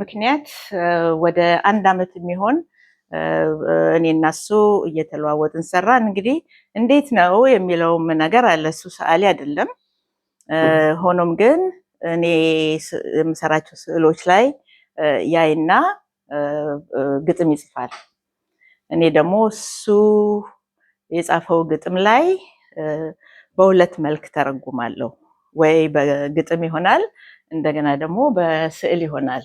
ምክንያት ወደ አንድ አመት የሚሆን እኔ እና እሱ እየተለዋወጥን ሰራን። እንግዲህ እንዴት ነው የሚለውም ነገር አለ። እሱ ሰዓሊ አይደለም። ሆኖም ግን እኔ የምሰራቸው ስዕሎች ላይ ያይና ግጥም ይጽፋል። እኔ ደግሞ እሱ የጻፈው ግጥም ላይ በሁለት መልክ ተረጉማለሁ። ወይ በግጥም ይሆናል እንደገና ደግሞ በስዕል ይሆናል።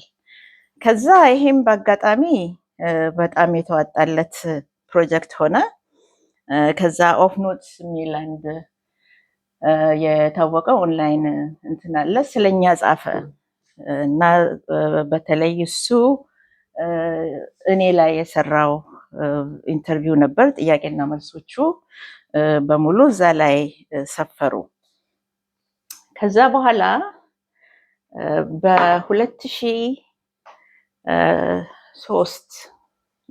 ከዛ ይሄም በአጋጣሚ በጣም የተዋጣለት ፕሮጀክት ሆነ። ከዛ ኦፍ ኖት የሚል አንድ የታወቀ ኦንላይን እንትን አለ ስለኛ ጻፈ እና በተለይ እሱ እኔ ላይ የሰራው ኢንተርቪው ነበር። ጥያቄና መልሶቹ በሙሉ እዛ ላይ ሰፈሩ። ከዛ በኋላ በሁለት ሺ ሶስት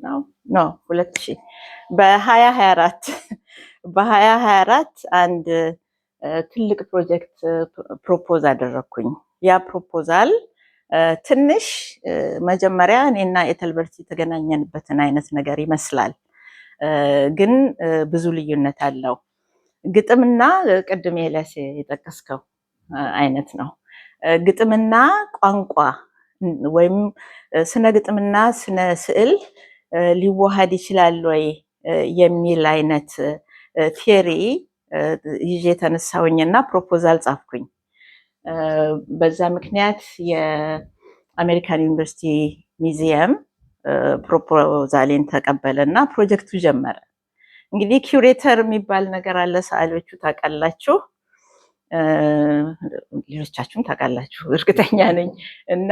ነው ኖ ሁለት ሺ በሀያ ሀያ አራት በሀያ ሀያ አራት አንድ ትልቅ ፕሮጀክት ፕሮፖዝ አደረግኩኝ። ያ ፕሮፖዛል ትንሽ መጀመሪያ እኔና ኤተልበርት የተገናኘንበትን አይነት ነገር ይመስላል፣ ግን ብዙ ልዩነት አለው። ግጥምና ቅድም ኤልያስ የጠቀስከው አይነት ነው። ግጥምና ቋንቋ ወይም ስነ ግጥምና ስነ ስዕል ሊዋሃድ ይችላል ወይ የሚል አይነት ቴሪ ይዤ የተነሳውኝ እና ፕሮፖዛል ጻፍኩኝ። በዛ ምክንያት የአሜሪካን ዩኒቨርሲቲ ሚዚየም ፕሮፖዛሌን ተቀበለ እና ፕሮጀክቱ ጀመረ። እንግዲህ ኪውሬተር የሚባል ነገር አለ። ሰዓሊዎቹ ታውቃላችሁ። ሌሎቻችሁም ታውቃላችሁ እርግጠኛ ነኝ። እና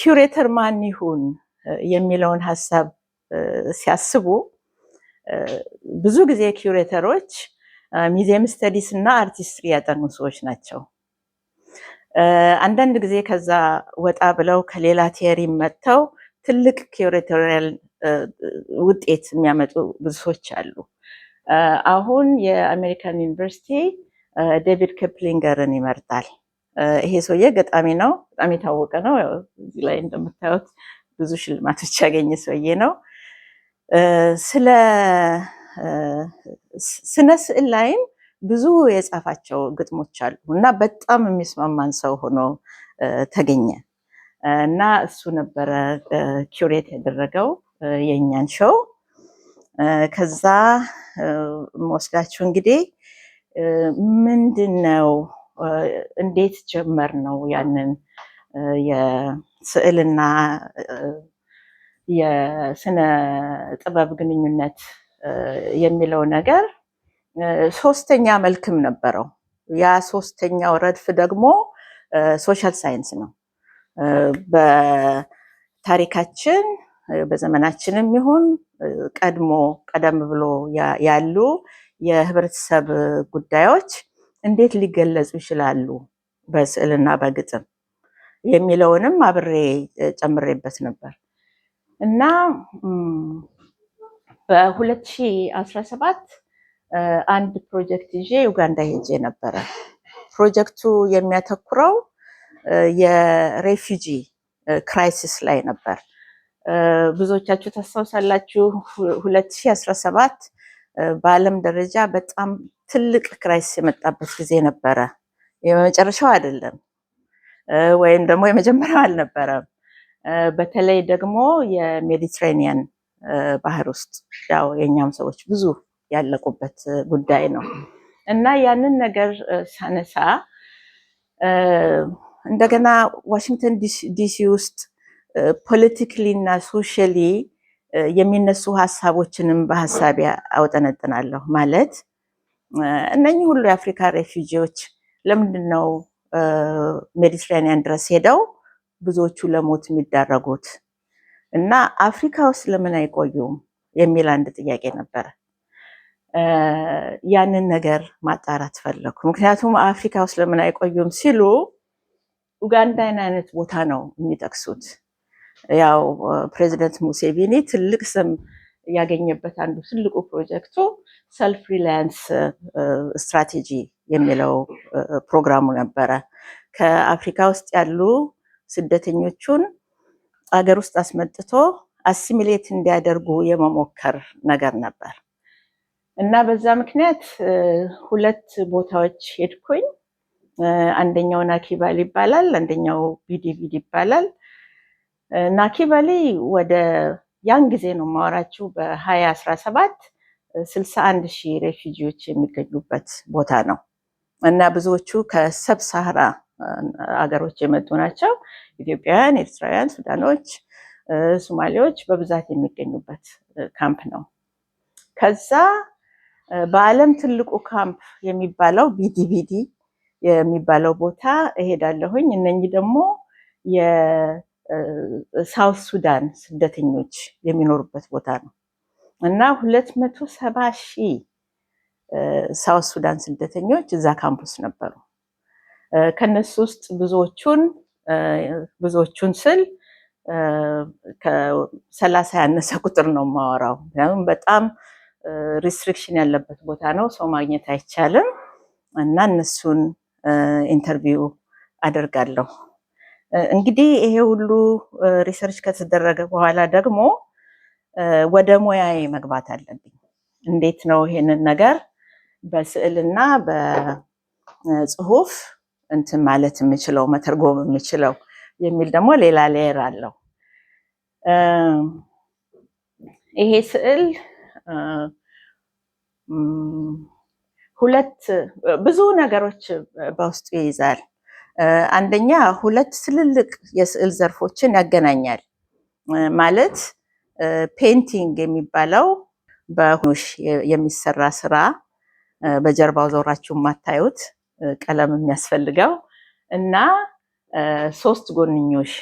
ኪውሬተር ማን ይሁን የሚለውን ሀሳብ ሲያስቡ ብዙ ጊዜ ኪውሬተሮች ሚዚየም ስተዲስ እና አርቲስትሪ ያጠኑ ሰዎች ናቸው። አንዳንድ ጊዜ ከዛ ወጣ ብለው ከሌላ ቲዮሪ መጥተው ትልቅ ኪውሬተሪያል ውጤት የሚያመጡ ብዙ ሰዎች አሉ። አሁን የአሜሪካን ዩኒቨርሲቲ ዴቪድ ክፕሊንገርን ይመርጣል። ይሄ ሰውዬ ገጣሚ ነው፣ በጣም የታወቀ ነው። እዚህ ላይ እንደምታዩት ብዙ ሽልማቶች ያገኘ ሰውዬ ነው። ስለ ስነ ስዕል ላይም ብዙ የጻፋቸው ግጥሞች አሉ እና በጣም የሚስማማን ሰው ሆኖ ተገኘ እና እሱ ነበረ ኪውሬት ያደረገው የእኛን ሾው። ከዛ የምወስዳችሁ እንግዲህ ምንድን ነው? እንዴት ጀመር ነው ያንን የስዕልና የስነ ጥበብ ግንኙነት የሚለው ነገር ሶስተኛ መልክም ነበረው። ያ ሶስተኛው ረድፍ ደግሞ ሶሻል ሳይንስ ነው። በታሪካችን በዘመናችንም ይሁን ቀድሞ ቀደም ብሎ ያሉ የህብረተሰብ ጉዳዮች እንዴት ሊገለጹ ይችላሉ በስዕልና በግጥም የሚለውንም አብሬ ጨምሬበት ነበር እና በ2017 አንድ ፕሮጀክት ይዤ ዩጋንዳ ሄጄ ነበረ። ፕሮጀክቱ የሚያተኩረው የሬፊጂ ክራይሲስ ላይ ነበር። ብዙዎቻችሁ ታስታውሳላችሁ 2017 በዓለም ደረጃ በጣም ትልቅ ክራይስ የመጣበት ጊዜ ነበረ። የመጨረሻው አይደለም ወይም ደግሞ የመጀመሪያው አልነበረም። በተለይ ደግሞ የሜዲትሬኒያን ባህር ውስጥ ያው የእኛም ሰዎች ብዙ ያለቁበት ጉዳይ ነው እና ያንን ነገር ሳነሳ እንደገና ዋሽንግተን ዲሲ ውስጥ ፖለቲካሊ እና ሶሻሊ የሚነሱ ሀሳቦችንም በሀሳቢ አውጠነጥናለሁ። ማለት እነኚህ ሁሉ የአፍሪካ ሬፊጂዎች ለምንድን ነው ሜዲትራኒያን ድረስ ሄደው ብዙዎቹ ለሞት የሚዳረጉት እና አፍሪካ ውስጥ ለምን አይቆዩም የሚል አንድ ጥያቄ ነበረ። ያንን ነገር ማጣራት ፈለኩ። ምክንያቱም አፍሪካ ውስጥ ለምን አይቆዩም ሲሉ ኡጋንዳን አይነት ቦታ ነው የሚጠቅሱት። ያው ፕሬዚደንት ሙሴቪኒ ትልቅ ስም ያገኘበት አንዱ ትልቁ ፕሮጀክቱ ሰልፍ ሪላያንስ ስትራቴጂ የሚለው ፕሮግራሙ ነበረ። ከአፍሪካ ውስጥ ያሉ ስደተኞቹን አገር ውስጥ አስመጥቶ አሲሚሌት እንዲያደርጉ የመሞከር ነገር ነበር እና በዛ ምክንያት ሁለት ቦታዎች ሄድኩኝ። አንደኛው ናኪባል ይባላል፣ አንደኛው ቢዲቪድ ይባላል። ናኪ ወደ ያን ጊዜ ነው የማወራችው በ 2017 ሰባት ስልሳ አንድ ሺህ ሬፊጂዎች የሚገኙበት ቦታ ነው እና ብዙዎቹ ከሰብ ሳህራ አገሮች የመጡ ናቸው። ኢትዮጵያውያን፣ ኤርትራውያን፣ ሱዳኖች፣ ሶማሌዎች በብዛት የሚገኙበት ካምፕ ነው። ከዛ በዓለም ትልቁ ካምፕ የሚባለው ቢዲቢዲ የሚባለው ቦታ እሄዳለሁኝ። እነኚህ ደግሞ ሳውት ሱዳን ስደተኞች የሚኖሩበት ቦታ ነው እና ሁለት መቶ ሰባ ሺህ ሳውት ሱዳን ስደተኞች እዛ ካምፕስ ነበሩ። ከነሱ ውስጥ ብዙዎቹን ብዙዎቹን ስል ከሰላሳ ያነሰ ቁጥር ነው የማወራው። ምክንያቱም በጣም ሪስትሪክሽን ያለበት ቦታ ነው፣ ሰው ማግኘት አይቻልም እና እነሱን ኢንተርቪው አደርጋለሁ። እንግዲህ ይሄ ሁሉ ሪሰርች ከተደረገ በኋላ ደግሞ ወደ ሙያዬ መግባት አለብኝ። እንዴት ነው ይሄንን ነገር በስዕልና በጽሁፍ እንትን ማለት የምችለው መተርጎም የምችለው የሚል ደግሞ ሌላ ሌየር አለው። ይሄ ስዕል ሁለት ብዙ ነገሮች በውስጡ ይይዛል። አንደኛ ሁለት ትልልቅ የስዕል ዘርፎችን ያገናኛል። ማለት ፔንቲንግ የሚባለው በሁኖሽ የሚሰራ ስራ በጀርባው ዞራችሁ የማታዩት ቀለም የሚያስፈልገው እና ሶስት ጎንኞሽ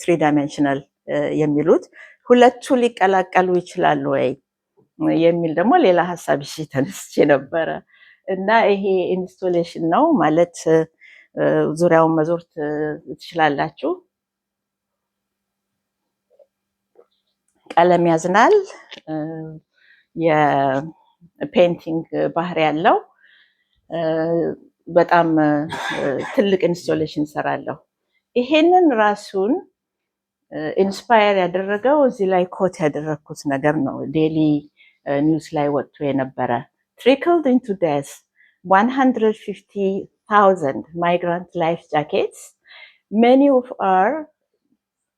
ትሪ ዳይመንሽናል የሚሉት ሁለቱ ሊቀላቀሉ ይችላሉ ወይ የሚል ደግሞ ሌላ ሀሳብ ይዤ ተነስቼ ነበረ እና ይሄ ኢንስቶሌሽን ነው ማለት ዙሪያውን መዞር ትችላላችሁ። ቀለም ያዝናል። የፔንቲንግ ባህሪ ያለው በጣም ትልቅ ኢንስቶሌሽን ሰራለሁ። ይሄንን ራሱን ኢንስፓየር ያደረገው እዚህ ላይ ኮት ያደረግኩት ነገር ነው። ዴሊ ኒውስ ላይ ወጥቶ የነበረ ትሪክልድ ኢንቱ ደስ 150 thousand migrant life jackets. Many of our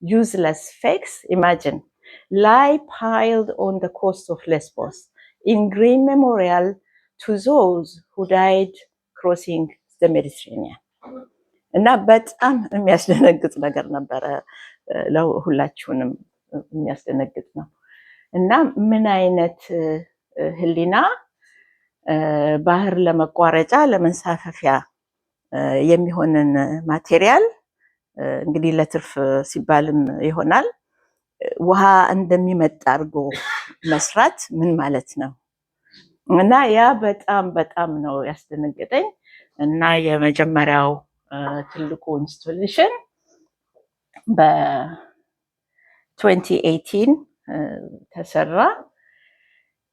useless fakes, imagine, lie piled on the coast of Lesbos in green memorial to those who died crossing the Mediterranean እና በጣም um, የሚያስደነግጥ ነገር ነበረ። ለሁላችሁንም የሚያስደነግጥ ነው እና ምን አይነት ሕሊና ባህር ለመቋረጫ ለመንሳፈፊያ የሚሆንን ማቴሪያል እንግዲህ ለትርፍ ሲባልም ይሆናል ውሃ እንደሚመጣ አድርጎ መስራት ምን ማለት ነው? እና ያ በጣም በጣም ነው ያስደነገጠኝ። እና የመጀመሪያው ትልቁ ኢንስቶሌሽን በ2018 ተሰራ።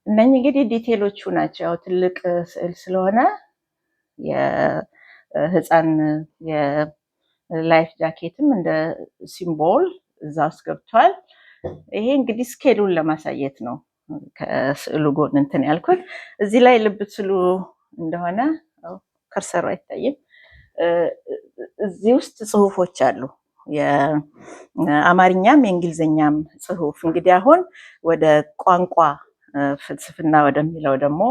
እነኚህ እንግዲህ ዲቴሎቹ ናቸው። ያው ትልቅ ስዕል ስለሆነ ህፃን የላይፍ ጃኬትም እንደ ሲምቦል እዛ ውስጥ ገብቷል። ይሄ እንግዲህ ስኬሉን ለማሳየት ነው ከስዕሉ ጎን እንትን ያልኩት። እዚህ ላይ ልብ ትሉ እንደሆነ ከርሰሩ አይታይም። እዚህ ውስጥ ጽሁፎች አሉ የአማርኛም የእንግሊዝኛም ጽሁፍ እንግዲህ አሁን ወደ ቋንቋ ፍልስፍና ወደሚለው ደግሞ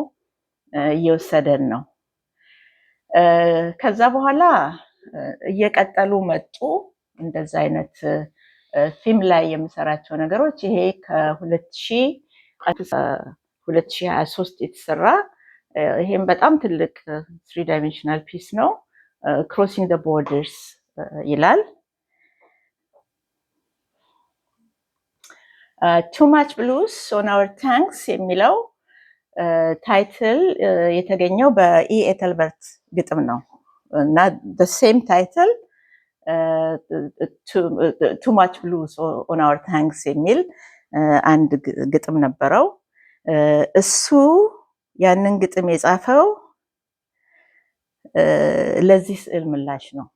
እየወሰደን ነው። ከዛ በኋላ እየቀጠሉ መጡ። እንደዛ አይነት ፊልም ላይ የምሰራቸው ነገሮች ይሄ ከ2023 የተሰራ ይሄም በጣም ትልቅ ትሪ ዳይሜንሽናል ፒስ ነው። ክሮሲንግ ቦርደርስ ይላል። ቱ ማች ብሉስ ኦን አወር ታንክስ የሚለው ታይትል የተገኘው በኢኤተልበርት ግጥም ነው እና ሴም ታይትል ቱ ማች ብሉዝ ኦን አወር ታንክስ የሚል አንድ ግጥም ነበረው። እሱ ያንን ግጥም የጻፈው ለዚህ ስዕል ምላሽ ነው።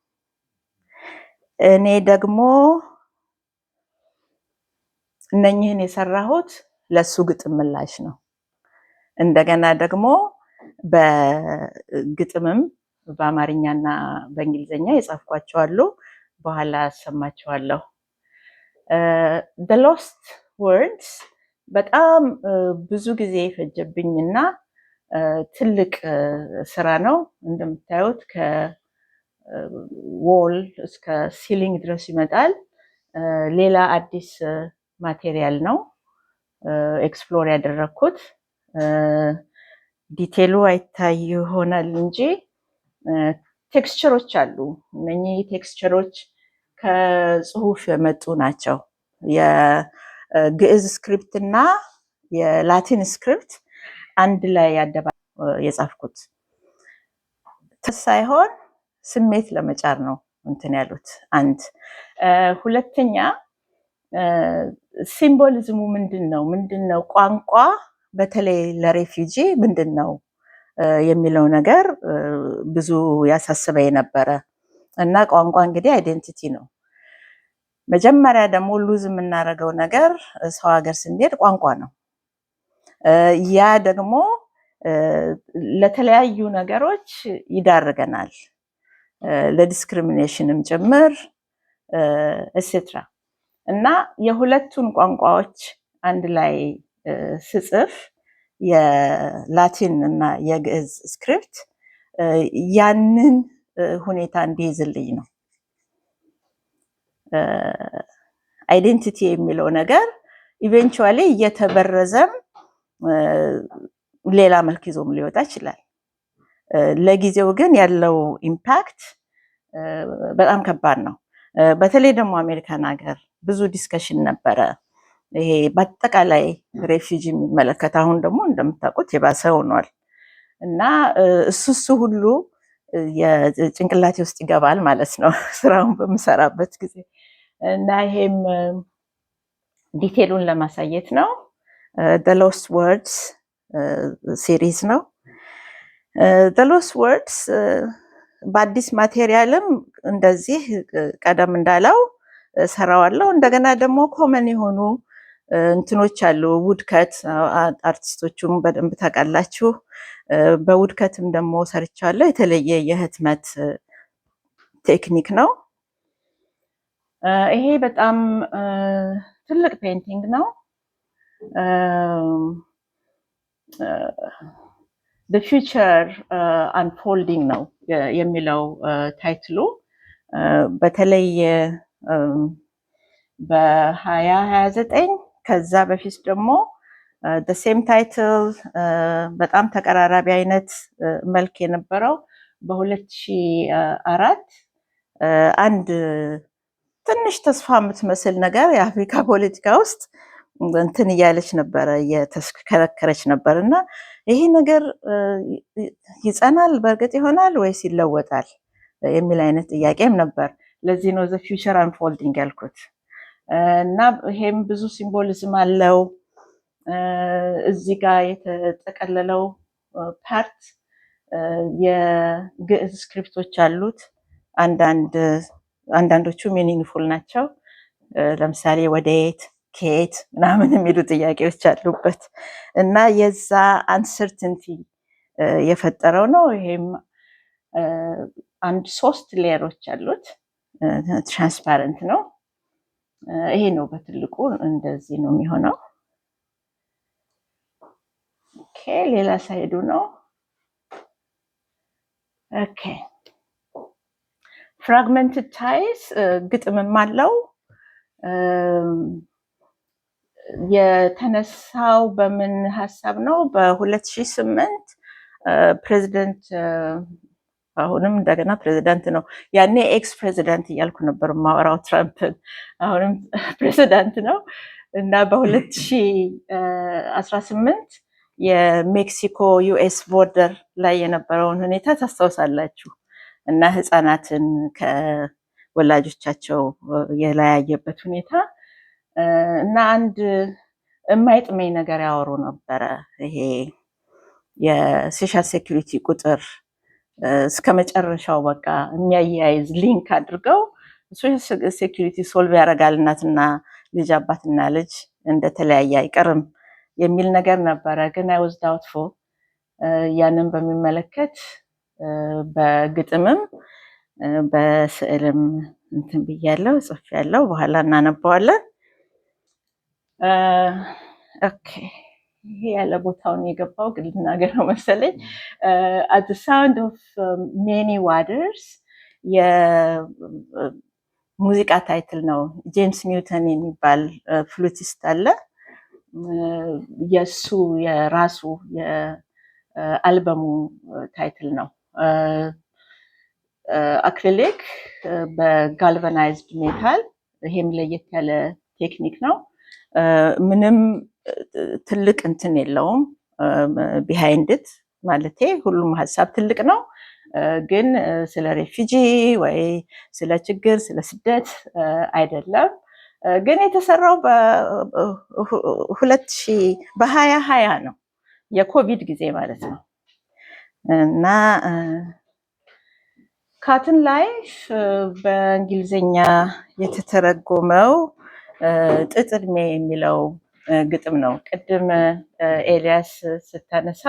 እኔ ደግሞ እነኝህን የሰራሁት ለእሱ ግጥም ምላሽ ነው። እንደገና ደግሞ በግጥምም በአማርኛና በእንግሊዝኛ የጻፍኳቸዋሉ አሉ። በኋላ አሰማችኋለሁ። ሎስት ወርድስ በጣም ብዙ ጊዜ የፈጀብኝና ትልቅ ስራ ነው። እንደምታዩት ከዎል እስከ ሲሊንግ ድረስ ይመጣል። ሌላ አዲስ ማቴሪያል ነው ኤክስፕሎር ያደረግኩት። ዲቴሉ አይታይ ይሆናል እንጂ ቴክስቸሮች አሉ። እነኚህ ቴክስቸሮች ከጽሁፍ የመጡ ናቸው። የግዕዝ ስክሪፕት እና የላቲን ስክሪፕት አንድ ላይ ያደባ የጻፍኩት ሳይሆን ስሜት ለመጫር ነው እንትን ያሉት አንድ ሁለተኛ ሲምቦሊዝሙ ምንድን ነው? ምንድን ነው ቋንቋ በተለይ ለሬፊጂ ምንድን ነው የሚለው ነገር ብዙ ያሳስበኝ ነበረ እና ቋንቋ እንግዲህ አይዴንቲቲ ነው። መጀመሪያ ደግሞ ሉዝ የምናደርገው ነገር ሰው ሀገር ስንሄድ ቋንቋ ነው። ያ ደግሞ ለተለያዩ ነገሮች ይዳርገናል፣ ለዲስክሪሚኔሽንም ጭምር ኤሴትራ እና የሁለቱን ቋንቋዎች አንድ ላይ ስጽፍ የላቲን እና የግዕዝ ስክሪፕት ያንን ሁኔታ እንዲይዝልኝ ነው። አይዴንቲቲ የሚለው ነገር ኢቬንቹዋሊ እየተበረዘም ሌላ መልክ ይዞም ሊወጣ ይችላል። ለጊዜው ግን ያለው ኢምፓክት በጣም ከባድ ነው። በተለይ ደግሞ አሜሪካን ሀገር ብዙ ዲስከሽን ነበረ። ይሄ በአጠቃላይ ሬፊጂ የሚመለከት አሁን ደግሞ እንደምታውቁት የባሰ ሆኗል እና እሱ እሱ ሁሉ የጭንቅላቴ ውስጥ ይገባል ማለት ነው ስራውን በምሰራበት ጊዜ እና ይሄም ዲቴሉን ለማሳየት ነው። ሎስት ወርድስ ሲሪዝ ነው። ሎስት ወርድስ በአዲስ ማቴሪያልም እንደዚህ ቀደም እንዳለው ሰራዋለው። እንደገና ደግሞ ኮመን የሆኑ እንትኖች አሉ። ውድከት አርቲስቶቹም በደንብ ታውቃላችሁ። በውድከትም ደግሞ ሰርቻለሁ። የተለየ የህትመት ቴክኒክ ነው። ይሄ በጣም ትልቅ ፔንቲንግ ነው። ዘ ፊውቸር አንፎልዲንግ ነው የሚለው ታይትሉ። በተለይ በሀያ ሀያ ዘጠኝ ከዛ በፊት ደግሞ ሴም ታይትል በጣም ተቀራራቢ አይነት መልክ የነበረው በ2004 አንድ ትንሽ ተስፋ የምትመስል ነገር የአፍሪካ ፖለቲካ ውስጥ እንትን እያለች ነበረ እየተሽከረከረች ነበር እና ይሄ ነገር ይጸናል በእርግጥ ይሆናል ወይስ ይለወጣል የሚል አይነት ጥያቄም ነበር። ለዚህ ነው ዘ ፊውቸር አንፎልዲንግ ያልኩት። እና ይሄም ብዙ ሲምቦሊዝም አለው። እዚህ ጋር የተጠቀለለው ፓርት የግዕዝ ስክሪፕቶች አሉት። አንዳንዶቹ ሚኒንግፉል ናቸው። ለምሳሌ ወደየት፣ ከየት ምናምን የሚሉ ጥያቄዎች አሉበት እና የዛ አንሰርትንቲ የፈጠረው ነው። ይሄም አንድ ሶስት ሌየሮች አሉት። ትራንስፓረንት ነው። ይሄ ነው በትልቁ እንደዚህ ነው የሚሆነው። ኦኬ ሌላ ሳይዱ ነው። ኦኬ ፍራግመንት ታይስ ግጥምም አለው። የተነሳው በምን ሀሳብ ነው? በሁለት ሺህ ስምንት ፕሬዚደንት አሁንም እንደገና ፕሬዚደንት ነው። ያኔ ኤክስ ፕሬዚደንት እያልኩ ነበር ማወራው ትራምፕን፣ አሁንም ፕሬዚደንት ነው እና በ2018 የሜክሲኮ ዩኤስ ቦርደር ላይ የነበረውን ሁኔታ ታስታውሳላችሁ። እና ህፃናትን ከወላጆቻቸው የለያየበት ሁኔታ እና አንድ የማይጥመኝ ነገር ያወሩ ነበረ ይሄ የሶሻል ሴኩሪቲ ቁጥር እስከ መጨረሻው በቃ የሚያያይዝ ሊንክ አድርገው እሱ ሴኪሪቲ ሶልቭ ያደርጋል፣ እናትና ልጅ አባትና ልጅ እንደተለያየ አይቀርም የሚል ነገር ነበረ። ግን አይ ወዝ ያንን በሚመለከት በግጥምም በስዕልም እንትን ብያለው ያለው በኋላ እናነበዋለን። ኦኬ ይሄ ያለ ቦታውን የገባው ግን ልናገር ነው መሰለኝ። አት ሳውንድ ኦፍ ሜኒ ዋደርስ የሙዚቃ ታይትል ነው። ጄምስ ኒውተን የሚባል ፍሉቲስት አለ። የእሱ የራሱ የአልበሙ ታይትል ነው። አክሪሊክ በጋልቫናይዝድ ሜታል፣ ይሄም ለየት ያለ ቴክኒክ ነው። ምንም ትልቅ እንትን የለውም ቢሃይንድት ማለቴ ሁሉም ሀሳብ ትልቅ ነው፣ ግን ስለ ሬፊጂ ወይ ስለ ችግር ስለ ስደት አይደለም። ግን የተሰራው በሁለት ሺህ በሀያ ሀያ ነው የኮቪድ ጊዜ ማለት ነው እና ካትን ላይፍ በእንግሊዝኛ የተተረጎመው ጥጥ እድሜ የሚለው ግጥም ነው። ቅድም ኤልያስ ስታነሳ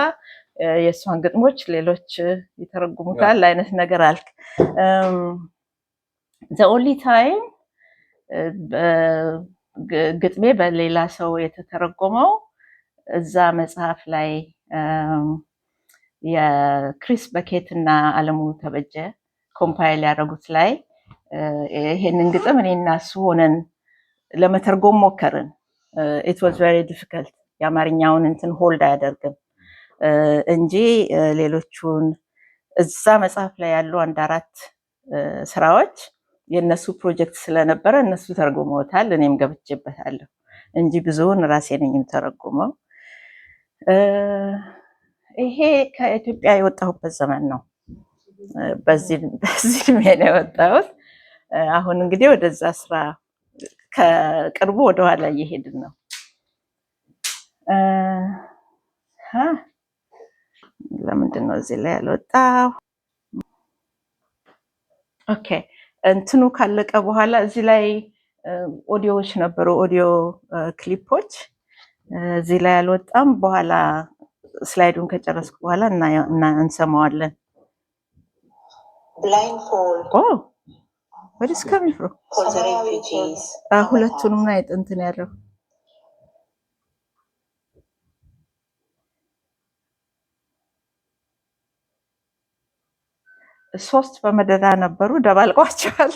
የእሷን ግጥሞች ሌሎች ይተረጉሙታል አይነት ነገር አልክ። ዘ ኦንሊ ታይም ግጥሜ በሌላ ሰው የተተረጎመው እዛ መጽሐፍ ላይ የክሪስ በኬት እና አለሙ ተበጀ ኮምፓይል ያደረጉት ላይ ይሄንን ግጥም እኔ እና እሱ ሆነን ለመተርጎም ሞከርን። ኢት ዋዝ ቨሪ ዲፊካልት የአማርኛውን እንትን ሆልድ አያደርግም uh, እንጂ uh, ሌሎቹን እዛ መጽሐፍ ላይ ያሉ አንድ አራት uh, ስራዎች የእነሱ ፕሮጀክት ስለነበረ እነሱ ተርጉመውታል። እኔም ገብቼበታለሁ እንጂ ብዙውን ራሴ ነኝ የምተረጉመው። ይሄ ከኢትዮጵያ የወጣሁበት ዘመን ነው። በዚህ እድሜ ነው የወጣሁት። አሁን እንግዲህ ወደዛ ስራ ከቅርቡ ወደኋላ እየሄድን ነው። ለምንድን ነው እዚህ ላይ ያልወጣው? ኦኬ እንትኑ ካለቀ በኋላ እዚህ ላይ ኦዲዮዎች ነበሩ፣ ኦዲዮ ክሊፖች እዚህ ላይ አልወጣም። በኋላ ስላይዱን ከጨረስኩ በኋላ እንሰማዋለን። ወዲስ ከሚፍሮ ah, ሁለቱንም ና የጥንትን ያለው ሶስት በመደዳ ነበሩ፣ ደባልቋቸዋል።